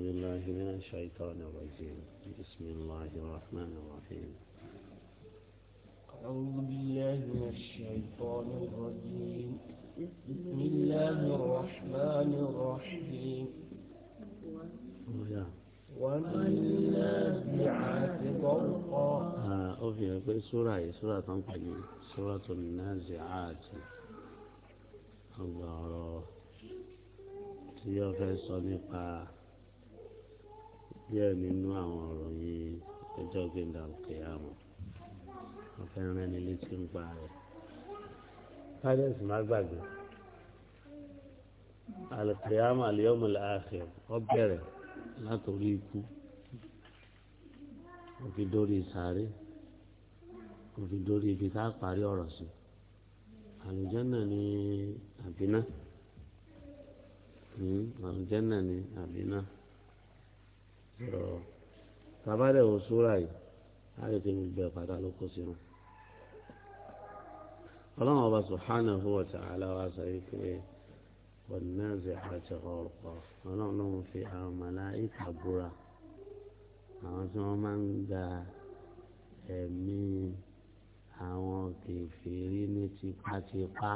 أعوذ بالله من الشيطان الرجيم بسم الله الرحمن الرحيم أعوذ بالله من الشيطان الرجيم بسم الله الرحمن الرحيم والنازعات غرقا أوفي آه، سورة سورة تنقل سورة النازعات الله tí ó fẹ́ díẹ̀ nínú àwọn ọ̀rọ̀ yìí ọjọ́ gbẹ̀ndà òkè àwọn ọ̀fẹ́ràn ẹni létí ń pa rẹ̀. káyọ̀sì má gbàgbé alùpùpù àlùyọ́mù làákìr ọ bẹ̀rẹ̀ látòrí ikú òfin dórí sàárè òfin dórí ibi tá a parí ọ̀rọ̀ sí àlùjànnà ni àbínà hmm, àlùjànnà ni àbínà tàbádẹ̀ wò súra yìí á lè fi gbogbo ẹ̀ pátá ló kó sínú. ọlọ́run ọba subhanahu wa ta'ala wa sọ wípé والنازعات غرقا ọlọ́run fi àwọn màláìkà búra àwọn tí wọ́n máa ń gba ẹ̀mí àwọn kèfèrí ní tipátipá.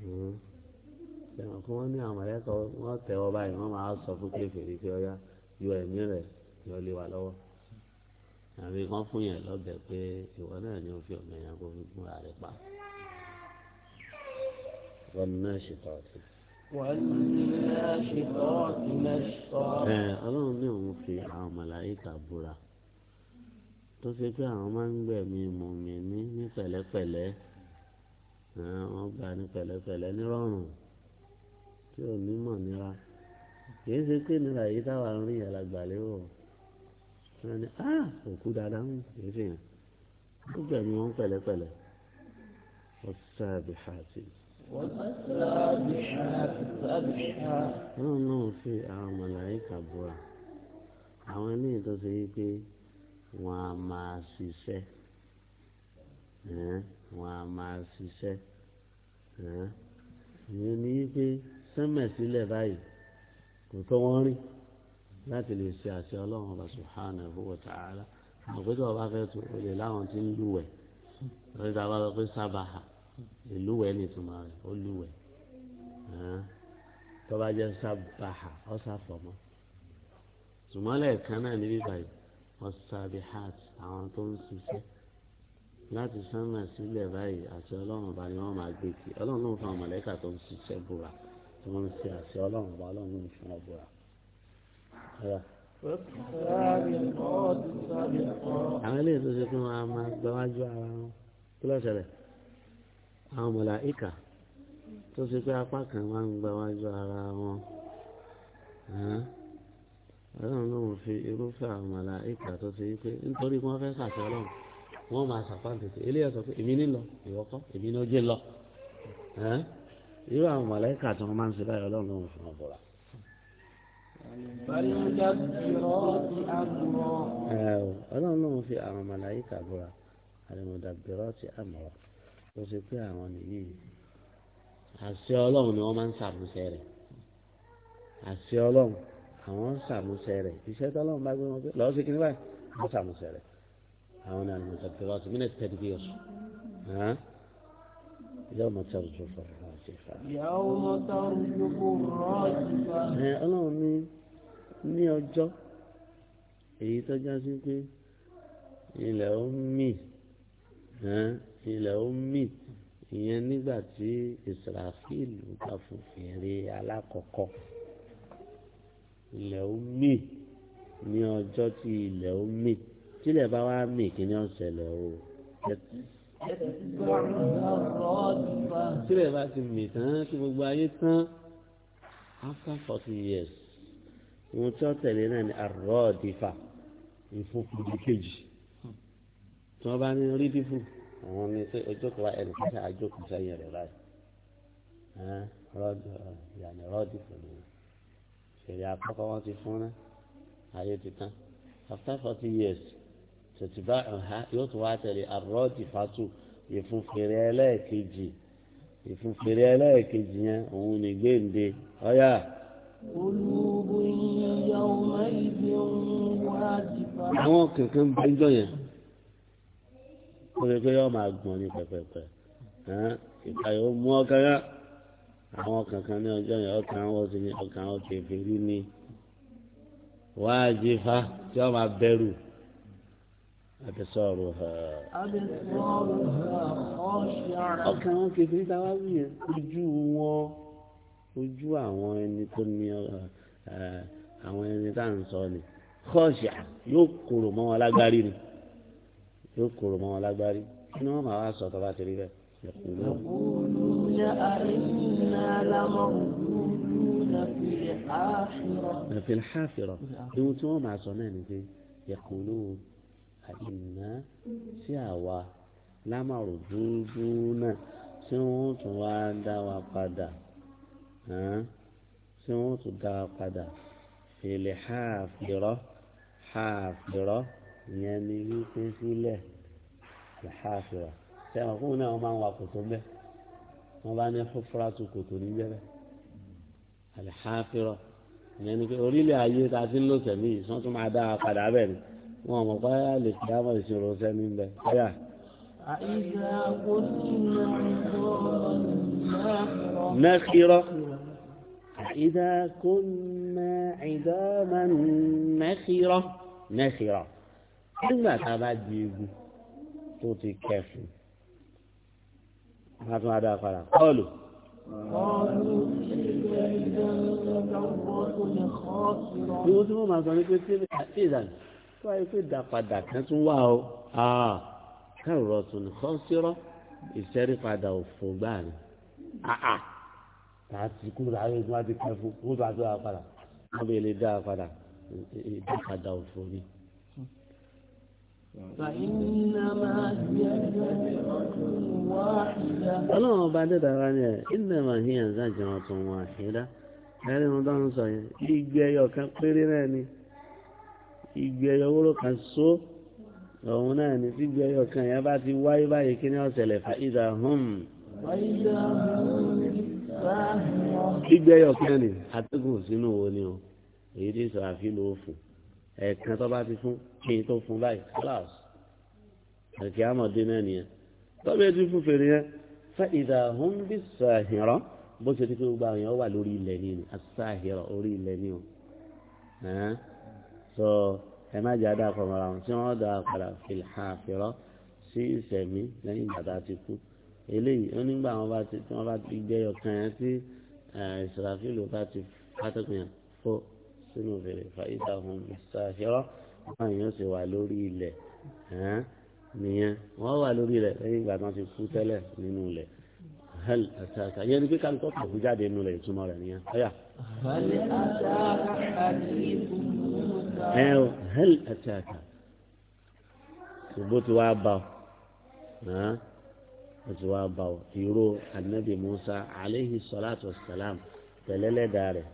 Hmm ẹ̀wọ̀n kí wọ́n ní àwọn mọ̀lẹ́kọ̀ wọ́n tẹ̀ ọ báyìí wọ́n máa sọ fún kéferì pé ọyá yọ ẹ̀mí rẹ̀ yọ lé wa lọ́wọ́ àbí wọ́n fún yẹn lọ́bẹ̀ pé ìwọ náà ni ó fi ọ̀gbìn yẹn kó fi fún ààrẹ pa. wọ́n ní náà ṣe tọ́ọ̀tì. ọlọ́run ní òun fi àwọn màláíkà búra tó ṣe pé àwọn máa ń gbẹ̀mí mùmí ní pẹ̀lẹ́pẹ̀lẹ́ wọ́n gbà ní pẹ̀lẹ́pẹ̀lẹ́ nírọ̀rùn tí ò ní mọ̀ nira kìí ṣe pé nira yìí táwa ń rí ìyàlagbà lérò wọn ni a òkú dáadáa ń kìí ṣe yẹn ó gbẹ̀mí wọn pẹ̀lẹ́pẹ̀lẹ́ ọ̀sẹ̀ àbí hàtì. wọ́n náà fi àwọn mọ̀láyíkà búra àwọn eléyìí tó ṣe yí pé wọ́n á máa ṣiṣẹ́ wọ́n á máa ṣiṣẹ́ ìyẹn ni yí pé sẹ́mẹ̀ sílẹ̀ báyìí kò tó wọ́n rìn láti lè ṣe àṣẹ ọlọ́run ọba subhanahu wa ta'ala àgbẹ̀tọ̀ ọba fẹ́ tu olè láwọn tí ń lúwẹ̀ lórí ta bá lọ pé sábàá ìlúwẹ̀ ní ìtumọ̀ rẹ̀ ó lúwẹ̀ tó bá jẹ́ sábàá ó sàfọ̀mọ́ tùmọ́lẹ̀ kan náà níbí báyìí ọ̀sàbíhàt àwọn tó ń ṣiṣẹ́ láti sánmà báyìí àti ọlọ́run ọba ni wọ́n máa gbé kí ọlọ́run náà fa àwọn mọ̀lẹ́kà tó ń ṣiṣẹ́ búra tí wọ́n ń ṣe àṣẹ ọlọ́run ọba ọlọ́run ní ìfún ọ̀bùra. àwọn eléyìí tó ṣe pé wọn a máa gbáwájú ara wọn kí ló ṣẹlẹ̀ àwọn màláíkà tó ṣe pé apá kan máa ń gbáwájú ara wọn ọlọ́run ló ń fi irúfẹ́ àwọn màláíkà tó ṣe pé nítorí wọ́n fẹ́ ṣàṣẹ ọlọ́run wọ́n máa ṣàpá tètè eléyìí sọ pé èmi ní ìwọ́kọ́ èmi ní ó jẹ́ lọ irú àwọn mọ̀lẹ́kà tí wọ́n máa ń ṣe báyìí ọlọ́run ló ń fún wọn bọ̀rọ̀. ọlọ́run ló ń fi àwọn mọ̀lẹ́kà bọ̀rọ̀ àlùmọ̀dàbẹ̀rọ̀ ti àmọ̀rọ̀ tó ṣe pé àwọn nìyí àṣẹ ọlọ́run ni wọ́n máa ń ṣàmúṣẹ rẹ̀ àṣẹ ọlọ́run àwọn ń ṣàmúṣẹ rẹ̀ iṣẹ́ tí ọlọ́run bá gbé wọn pé lọ́ọ́ sí kí báyìí wọ́n ṣàmúṣẹ rẹ̀ àwọn ni àlùmọ̀dàbẹ̀rọ̀ ti mí يوم ترجف الراجفة يوم ترجف الراجفة ọlọ́run ní ní ọjọ́ èyí tó já sí pé ilẹ̀ ó mì ilẹ̀ ó mì ìyẹn nígbà tí ìsìràfíìlù bá fún fèrè alákọ̀ọ́kọ́ ilẹ̀ ó mì ní ọjọ́ tí ilẹ̀ ó tílẹ̀ bá wá mì kí ni ó ṣẹlẹ̀ o sílẹ̀ bá ti mì tán tí gbogbo ayé tán after forty years ohun tí wọ́n tẹ̀lé náà ni àrọ́ọ̀dìfà ìfúnfúnni kejì tí wọ́n bá ní rí dífù àwọn ní pé ojókòó wa ẹnì kíkà àjókòó sẹ́yìn rẹ̀ láì yàní rọ́ọ̀dìfà ni ṣèlè àkọ́kọ́ wọn ti fún náà ayé ti tán after forty years ṣètìbá ọ̀hán yóò tún wá tẹ̀lé àrọ́ọ̀tì fatu ìfúnfèrè ẹlẹ́ẹ̀kejì ìfúnfèrè ẹlẹ́ẹ̀kejì yẹn òun ní gbéǹde ọ̀yà. olùbù ìyá ọmọ ibi òun wá dìbà. àwọn kẹ̀kẹ́ ń bá ẹjọ́ yẹn ó lè pé yóò máa gbọ̀n ní pẹ̀pẹ̀pẹ̀ ìka yóò mú ọkàn yá àwọn kankan ní ọjọ́ yẹn ọkàn wọn sì ní ọkàn ọkàn ìfèrí ni wáá jí fa tí wọ́n máa bẹ̀rù àbẹ̀sọ̀rọ̀ha. àbẹ̀sọ̀rọ̀ha ọ̀ṣàrà. ọkàn wọn kìí fi dáwà wíyẹn ojú wọn ojú àwọn ẹni tó ní àwọn ẹni tá à ń sọ ni kọ́ọ̀ṣà yóò kúrò mọ́ wọn lágbárí ni yóò kúrò mọ́ wọn lágbárí kí ni wọ́n máa wá sọ tó bá ti rí bẹ́ẹ̀. يقولون في الحافرة يقولون ما صنعني يقولون àìná sí àwa lámàrò dúdú náà tí wọ́n tún wá dá wa padà tí wọ́n tún dá wa padà fèlè háàfìrọ́ háàfìrọ́ ìyẹn ni wípé sílẹ̀ háàfìrọ́ tí àwọn fún náà wọ́n máa ń wa kòtò mbẹ́ wọ́n bá ní fúfúrá tu kòtò níbẹ̀ bẹ́ẹ̀ àlè ìyẹn ni pé orílẹ̀ ayé ta ti ń lò tẹ̀mí yìí tí tún máa dá wa padà bẹ́ẹ̀ ni. وما قال الكلام اللي سيروا زمين به يا نخيرة إذا كنا عظاما نخيرة نخيرة كل ما تعمل ديه توتي كيف ما تعمل هذا قال قالوا قالوا إذا كنا عظاما نخيرة tó ayé pé dàpadà kan tún wà ó kẹrọ tó ní kọ́ sírọ́ ìṣẹ́rípadà òfò gbáà ni àti kú láàrin ìgbà ti kẹfù kú tó àti wà padà wọ́n bẹ lè dá a padà ìdàpadà òfò ni. ọlọ́run ọba dẹ́dàrá ni ẹ̀ ìnàmà hìyàn sájà ọ̀tún wà ṣẹ́dá ẹ̀rí wọn bá ń sọ yẹn gbígbé ẹyọ kan péré náà ni igbe ẹyọ wúrò kan so òun náà ní tí igbe ẹyọ kan yẹn bá ti wáyé báyìí kí ni ó ṣẹlẹ̀ fa ìdá hum. igbe ẹyọ kan ni atẹ́gùn sínú wo ni o èyí tí sọ àfihàn òfin ẹ̀ẹ̀kan tó bá ti fún kí n tó fún báyìí class àti àmọ̀dé náà nìyẹn tọ́bẹ̀ tí fún fèrè yẹn fa ìdá hum bí sàhìrán bó ṣe ti fi gbogbo àwọn èèyàn wà lórí ilẹ̀ ni àti sàhìrán orí ilẹ̀ ni o. So, ẹ má jẹ́ àdá àpamọ́ra wọn tí wọ́n dá padà fìlàfìrọ́ sí ìsẹ̀mí lẹ́yìn bàtà ti kú eléyìí ó nígbà wọn bá ti tí wọn bá ti gbẹ́yọ kan yẹn tí ìsirafílù bá ti pátákùn yẹn fó sínú fèrè fàyíta fún ìsirafíọ́ wọn yóò sì wà lórí ilẹ̀ nìyẹn wọn wà lórí ilẹ̀ lẹ́yìn ìgbà tí wọn ti kú tẹ́lẹ̀ nínú ilẹ̀ hẹ́l àti àkàyẹ́ ni pé káńtọ́ jáde nínú ilẹ̀ ìtumọ̀ rẹ̀ nìyẹn ọ̀yà ẹ ọ hẹl ẹtì àkà ṣùgbọ́n tí wàá bá ọ tí wàá bá ọ ìró anabi musa aleyhi salatu salam tẹlẹlẹdà rẹ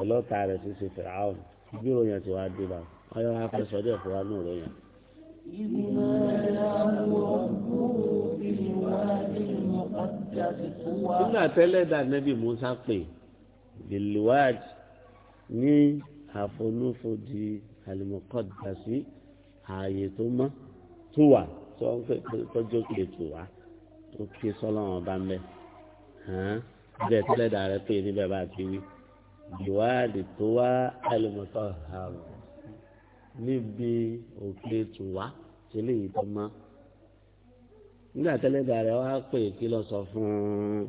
ọlọta rẹ ti ṣe fìràwọn ibi ìròyìn ti wàá dé bá ọyọ wàá sọdẹ fún wa ní ìròyìn. nígbà tẹ́lẹ̀ dà musa pè é bilwaj ní àfonúfojì alimọ̀kọ́dàsí ààyè tó mọ́ tó wà tó ń pè tọ́jú òkè tó wà tó ké sọ́lọ́wọ́n bá ń bẹ́ bẹ́ẹ̀ tẹ́lẹ̀ dàrẹ́ pé níbẹ̀ bá ti wí bilwaj tó wá alimọ̀kọ́dàsí níbi òkè tó wà tẹ́lẹ̀ yìí tó mọ́ nígbà tẹ́lẹ̀ dàrẹ́ wá pè kí lọ sọ fún un.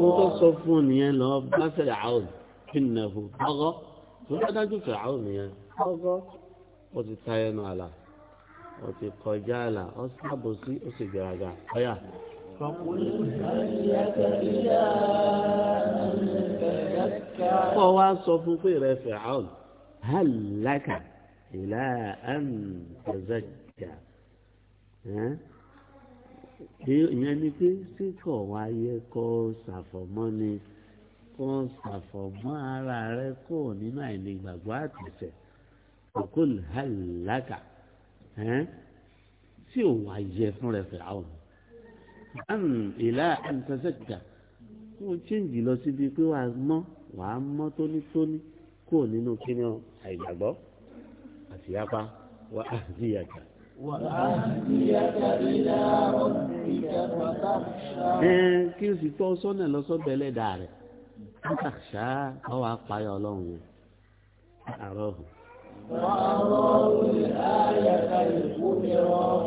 mo tó sọ fún un nìyẹn lọ bá fẹ̀rẹ̀ àwọn ìnáwó ọgọ́ tó bá dájú fẹ̀rẹ̀ àwọn nìyẹn ọgọ́ ó ti ta ẹnu àlà ó ti kọjá àlà ó sábòsí ó sì gbéraga ọ̀yà. kọ́ wa sọ fún pé rẹ fẹ̀rẹ̀ àwọn hàn lákàá. إلى أن تزكى ìyẹn ni pé tí kò wáyé kó ṣàfọ̀mọ́ ni kó ṣàfọ̀mọ́ ara rẹ kó nínú àìní ìgbàgbọ́ àtẹ̀sẹ̀ òkúlù hàlákà tí ò wáyé fún rẹ fẹ́ àwọn an ilá àǹtẹ̀sẹ̀kà kó o chíǹjì lọ síbi pé wàá mọ́ wàá mọ́ tónítóní kó nínú kíni àìgbàgbọ́ àtìyápá wà á sí yàtà. kí o sì tọ́ sọ́nà lọ́sọ́dọ̀ ẹlẹ́dàá rẹ̀ nígbà ṣá ọ wàá payọ ọlọ́run yẹn àárọ̀ ọ̀hún.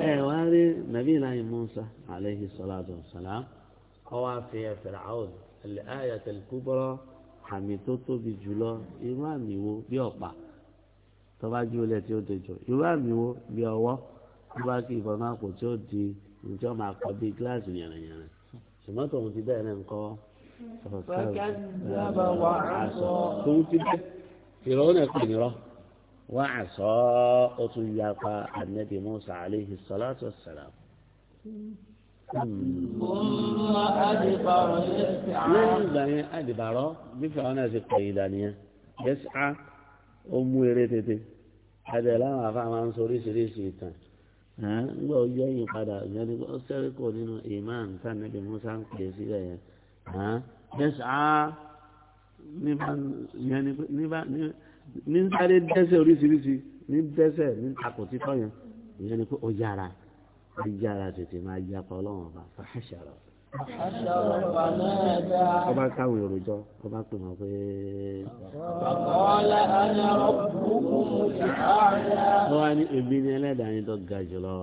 ẹ wá rí nàbí ìlànà Musa aleyhi salatu wa salam ọ wá fi ẹ fẹ̀rẹ̀ àwọn ẹ̀lẹ́ ayẹ̀tẹ̀lẹ̀ kúbọ́rọ̀ àmì tó tóbi jùlọ irú àmì wo bí ọ̀pá tó bá jí olè tí ó dojò irú àmì wo bí ọwọ́ tó bá kí ìbọn máa pò tí ó di ìjọ máa kọ bí gíláàsì yẹ̀rẹ̀yẹ̀rẹ̀ ṣùgbọ́n tòun ti bẹ́ẹ̀ náà ń kọ́ tòun ti bẹ́ẹ̀ ìrọ̀ náà pè nírọ̀ wá àṣọ ó tún ya pa ànẹ́bí Musa aleyhi salatu wa salam. lẹ́yìn ìgbà yẹn àdìbàrọ̀ bí fẹ́ràn náà ti pè é ìdánìyẹn yẹ́sì á ó mú eré tètè àbẹ láwọn afá máa ń sọ oríṣiríṣi ìtàn ńgbà ó yọ yìí padà ìyẹn ni ó sẹ́rí kò nínú imam tánàbí musa ń pè sílẹ̀ yẹn dẹ́sẹ̀ á ní ń sáré dẹ́sẹ̀ oríṣiríṣi ní dẹ́sẹ̀ ní àkòtí fọyín ìyẹn ni pé ó yára ó yára tètè máa yapa ọlọ́run ọba fàṣàrọ̀ ọba ń káwọn èrò jọ ọba pè wọn pé. wọ́n wá ní èmi ní ẹlẹ́dàá yín tó ga jùlọ.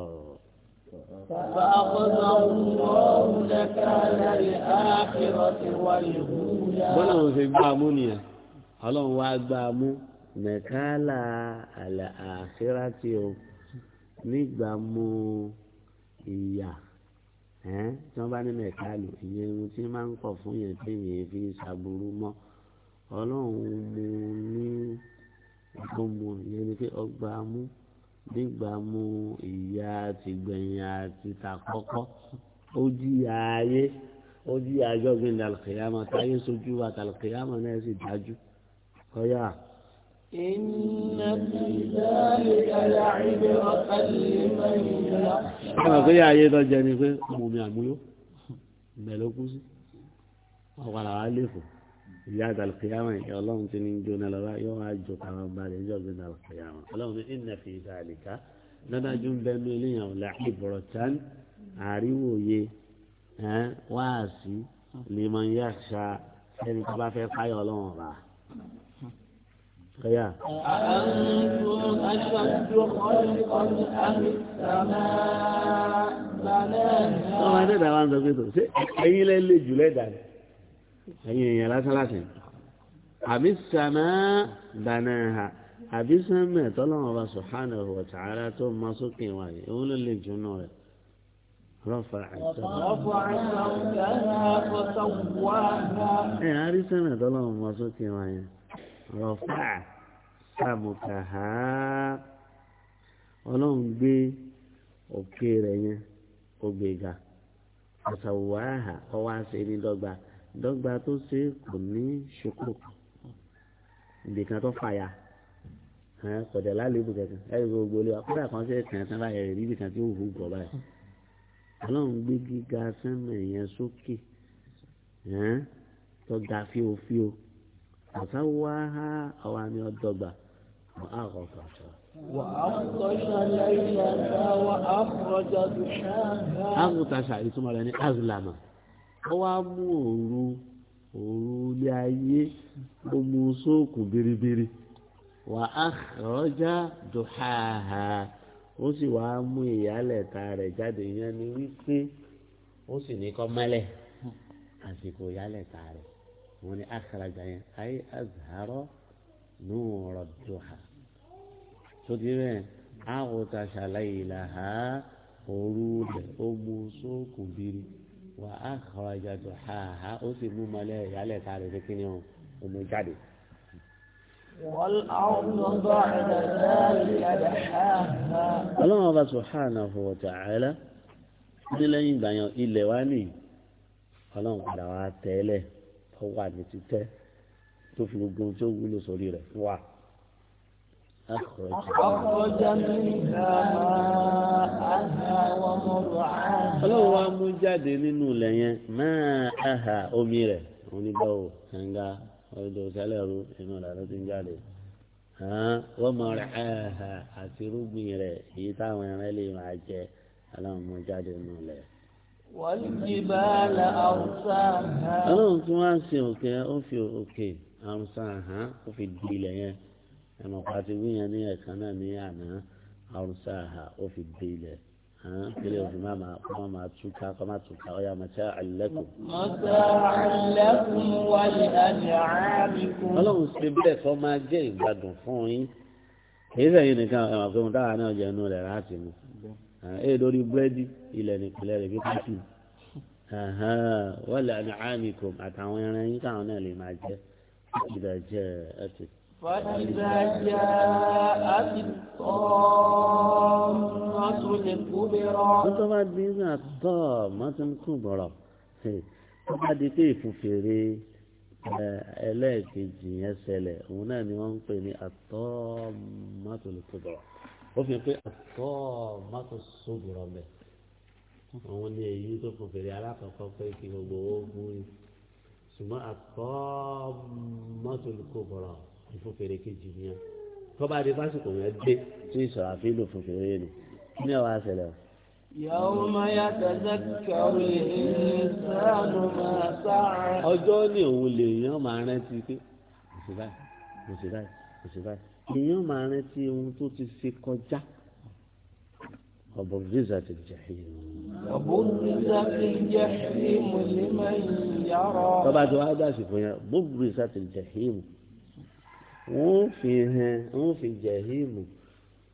bọ́lá òun ṣe gbá mú nìyẹn ọlọ́run wá gbá mú mẹ̀kálà àlẹ́ àṣírá tí o nígbà mú ìyá ẹ́ tí wọ́n bá ní mẹ̀kálù ìyẹn ohun tí máa ń pọ̀ fún yẹn pé yẹn fi ṣàbùrú mọ́ ọlọ́run mu ní ọkọ mu ìyẹn ni pé ọgbà mú nígbà mú ìyá àtìgbẹ̀yìn àti tàkọ́kọ́ ó jìyà ayé ó jìyà ajọ́gbìn dàlùkìyàmọ̀ táyé sojú wa dàlùkìyàmọ̀ náà sì dájú kọ́yà. Ọ̀nà pé ayé tó jẹ ni pé ọmọ mi àmúlò, ìbẹ̀ ló kú sí, ọ̀pàdà wá lè fò, ìyá àtàlùkìyàmà ìyá ọlọ́run ti ní jóná lọ́wọ́ yóò wá jò kàwọn balẹ̀ ìjọ gbé àtàlùkìyàmà. Ọlọ́run ní ìnà fi ìdá àlìká, dádájú ń bẹnu eléyàn ọ̀la ìbọ̀rọ̀ tán, àríwòye, wáàsí, lè mọ yáṣà, ẹni tó bá fẹ́ أيا أأنتم أشد خلقا أم السماء بناها ọmọ ẹ̀dẹ́gbẹ̀ wa ń sọ pé tó ṣe ẹ̀yin lẹ́ lè jù lẹ́dàá rẹ̀ ẹ̀yin èèyàn lásánlásán àbí sàmà banaha àbí sàmà tọ́lọ́wọ́n bá subhanahu wa ta'ala tó ma sókè wà yìí òun ló lè jù náà rẹ̀ rọ́fà àìsàn. ẹ̀ àrí sàmà tọ́lọ́wọ́n ma sókè wà yìí rọ́fà àìsàn sábùkà ha ọlọ́run gbé òkè rẹ̀ yẹn ògbèga àṣàwòwáhà ọwọ́ àṣẹ ní dọ́gba dọ́gba tó ṣe kò ní ṣokò nìkan tó fàyà kọ̀dẹ̀ lálébù kẹ̀kẹ́ ẹ̀rí gbogbo olè akọ́dà kan ṣe kàn tán láyẹ̀ rí nìkan tí ó hù gọ̀ báyìí ọlọ́run gbé gíga sẹ́mẹ̀ yẹn sókè tọ́ga fíofío àṣàwòwáhà ọwọ́ àmì ọ̀dọ́gba. وأغطش ليلها وأخرج ضحاها أغطش ìtumọ̀ rẹ̀ ni azlama ó wá mú òru òru ilé ó sì wá mú ìyálẹ̀ta rẹ̀ jáde yẹn ni wípé ó sì ní kọ́ mẹ́lẹ̀ àsìkò rẹ̀ wọ́n ní àkàràjà yẹn ayé نور الضحى تدري أغطش ليلها غروب أم سوق بيري وأخرج ضحاها أسمو ملاهي على تعرف كنيو أم جدي والأرض بعد ذلك دحاها الله سبحانه وتعالى ní lẹ́yìn ìgbà yẹn ilẹ̀ wa ní ọlọ́run padà wá tẹ́lẹ̀ tó tó fi gbogbo tí ó wúlò sórí rẹ̀ wà. ọlọ́run wa mú jáde nínú ilẹ̀ yẹn máa aha omi rẹ̀ onígbàwò kànga ọdọ sálẹ̀rú inú ìlànà ń jáde wọ́n aha àti irúgbìn rẹ̀ èyí táwọn ẹran lè máa jẹ mú jáde nínú ilẹ̀ ọlọ́run tí wọ́n á sin òkè ó fi òkè amsa hàn kó fi di ilẹ̀ yẹn ẹ̀mọ̀ pàtí wí yẹn ní ẹ̀kan náà ní àná amsa hàn ó fi di ilẹ̀ hàn kílẹ̀ òfin má máa kọ́ má máa túká kọ́ má túká ó yà mọ̀tá àlẹ́kùn. mọ̀tá àlẹ́kùn wáyé àmì àábìkún. ọlọ́run ṣe bẹ́ẹ̀ kọ́ máa jẹ́ ìgbádùn fún yín èyí sẹ́yìn nìkan ẹ̀mọ̀ pé mo dáhà náà jẹ́ inú rẹ̀ láti mu ee lórí búrẹ́dì ilẹ̀ nìpínlẹ̀ rẹ̀ fífi sí wọ́n lè àmì kò àtàwọn ẹran yín káwọn náà lè máa jẹ́. إذا جاءت فإذا جاءت الطامة الكبرى طبعا دينا الطامة الكبرى طبعا دي كيف فيري ẹlẹ́ẹ̀kejì yẹn ṣẹlẹ̀ òun náà ni wọ́n ń pè ní àtọ́mátòlùkùbọ̀rọ̀ ó fi pé àtọ́mátòsóbùrọ̀ mẹ́ àwọn ní èyí tó fòfèrè alákọ̀ọ́kọ́ pé kí gbogbo owó gún ní ṣùgbọ́n àtọ́mọ́tòlù kò bọ̀rọ̀ ìfúnfèrè kejì nìyẹn tọ́ba adé fásitì yẹn dé tí ìṣòro àfihàn fúnfèrè yẹn ni kí ni ọ̀wá ṣẹlẹ̀ o. يوم يتذكر الإنسان ما سعى ọjọ́ ni òun lèèyàn máa rántí pé mo ṣe báyìí mo ṣe báyìí mo ṣe báyìí èèyàn máa rántí ohun tó ti ṣe kọjá. وبرزت الجحيم وبرزت الجحيم لمن يرى طبعا دعاء داسي برزت الجحيم وفيها وفي الجحيم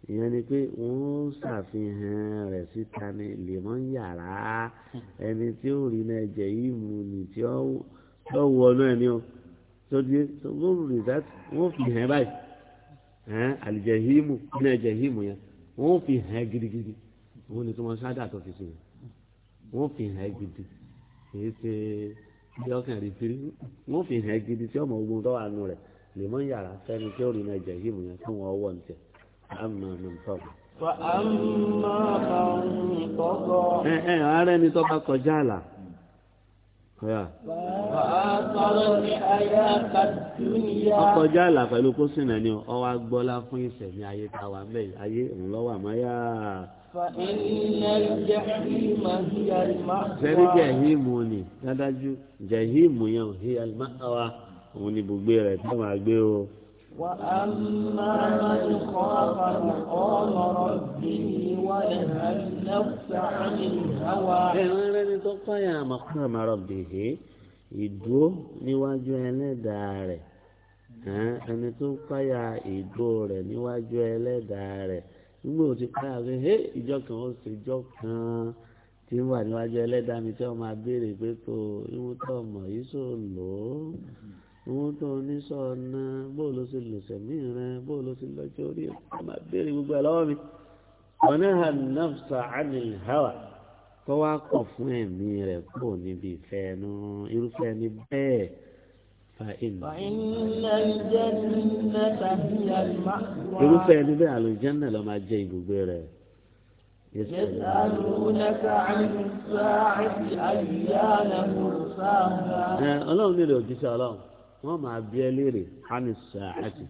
ìyẹn ni pé wọ́n ṣàfihàn rẹ̀ síta ní lèmọ́ yàrá ẹni tí ó rí náà jẹ́ yìí mu nì tí ó wọnú ẹ̀ ní o tó di lóru rìsáàtì wọ́n fi hàn báyìí àlìjẹ̀hìmù náà jẹ̀hìmù yẹn wọ́n fi hàn gidigidi wọn ni tí wọn ṣáájà tó fi sìn wọn fi hàn ẹ gidi kì í ṣe bí ọkàn rí firi wọn fi hàn ẹ gidi tí ọmọ ogun tó wà nù rẹ lèmọ yàrá fẹni tí ó rìn náà jẹhìm yẹn fún wọn ọwọ ní tẹ àmà mi tọ. ẹ ẹ ààrẹ ni tọ́ bá kọjá àlà. ọkọjá àlà pẹ̀lú kó sìnà ni ọ wá gbọ́lá fún ìṣẹ̀mí ayé táwa bẹ́ẹ̀ ayé ńlọ́wọ́ àmọ́ yáa sẹ́ni jẹ̀híìmù ni dájú jẹ̀híìmù yẹn hi alimáwa òun ni ibùgbé rẹ̀ tó máa gbé o. wà á máa ń kọ́ àbàlù ọ̀nọ̀rọ̀ bí wà á lẹ́fẹ̀ẹ́ àmì ìhàwà. ẹ̀rọ ẹni tó pààyàn àmọ̀kọ́ àmọ̀rọ̀ bèèrè ìdúró níwájú ẹlẹ́dàá rẹ̀ ẹni tó pààyàn ìdúró rẹ̀ níwájú ẹlẹ́dàá rẹ̀ nígbà tí páyà pé hé ìjọ kan ó sì jọ kan tí ń wà níwájú ẹlẹ́dàá mi tí wọ́n máa béèrè pé tó ìwọ́n tó mọ̀ yìí sò lò ó ìwọ́n tó oníṣọ́ ọ̀nà bóò ló ti lò sẹ̀mí bóò ló ti lọ́jọ́ orí ẹ̀ wọ́n máa béèrè gbogbo ẹ̀ lọ́wọ́ mi. ọ̀nẹ́hà nafsa anil hawa tó wá kọ̀ fún ẹ̀mí rẹ̀ kúrò níbi ìfẹ́ ẹnu irúfẹ́ ẹni bẹ́ẹ̀. irúfẹ́ ẹni bẹ́ẹ̀ àlùjànnà ló máa jẹ́ ibùgbé rẹ̀. ọlọ́run nílò òjíṣẹ́ ọlọ́run wọ́n máa bí ẹ léèrè hanisa àti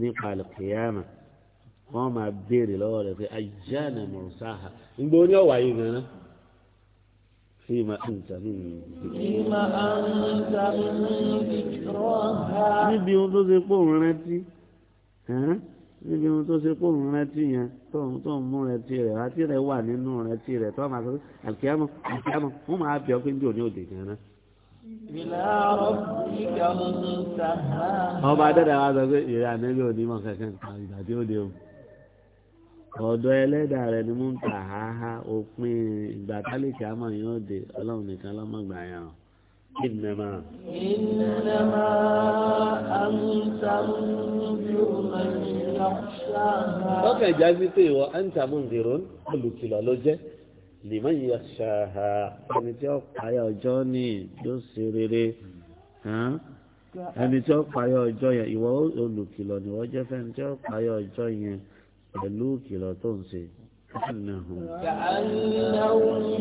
nípa àlùkìyàmà wọ́n máa béèrè lọ́wọ́ rẹ̀ pé ajáàna mọ̀ọ́sáhà ń gbóni ọ̀wáyé gan-an. فيما أنت من فيما أنت من ذكراها níbi ohun tó ṣe pọ̀ ń rántí níbi ohun tó ṣe pọ̀ ń rántí yẹn tó ń tó ń mú rántí rẹ̀ rántí rẹ̀ wà nínú rántí rẹ̀ tó máa sọ pé àkíyàmọ̀ àkíyàmọ̀ wọ́n máa bẹ̀ ọ́ pé ní òní òde gan-an. ọba dáadáa wa sọ pé ìrẹ́ ànẹ́bí òní mọ̀ kankan ìgbà tí ó dé o ọ̀dọ̀ ẹlẹ́dàá rẹ̀ ni mò ń tà háhá òpin ìgbà tálíkì àmọ́ yóò dé ọlọ́run nìkan lọ́mọgbà yẹn o. إنما إنما أنت منذر من يخشاها ọkàn ìjà sí pé ìwọ أنت منذر olùkìlọ̀ ló jẹ́ لمن يخشاها ẹni tí ó payà ọjọ́ ní yóò ṣe rere ẹni tí ó payà ọjọ́ yẹn ìwọ olùkìlọ̀ ni wọ́n jẹ́ fẹ́ni tí ó payà ọjọ́ yẹn pẹ̀lú ìkìlọ̀ tó ń ṣe. كأنهم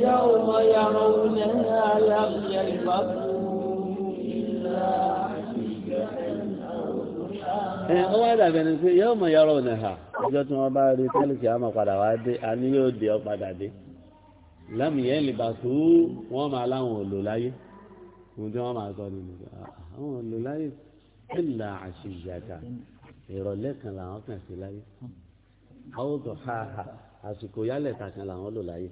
يوم يرونها لم يلبثوا إلا wọ́n wá dàbẹ̀ ni pé yóò mọ̀ yọrọ̀ ọ̀nà ha ọjọ́ tí wọ́n bá rí tẹ́lẹ̀kì àmọ̀ padà wá dé a ní yóò dé ọ padà dé lẹ́mìíyẹ́ ìlìbà tó wọ́n máa láwọn òlò láyé ohun tí wọ́n máa sọ nínú àwọn òlò láyé ìlà àṣìyàtà ìrọ̀lẹ́ kan làwọn kàn sí láyé àwọn tó ha ha àsìkò yálẹ̀ kankan làwọn lò láyé.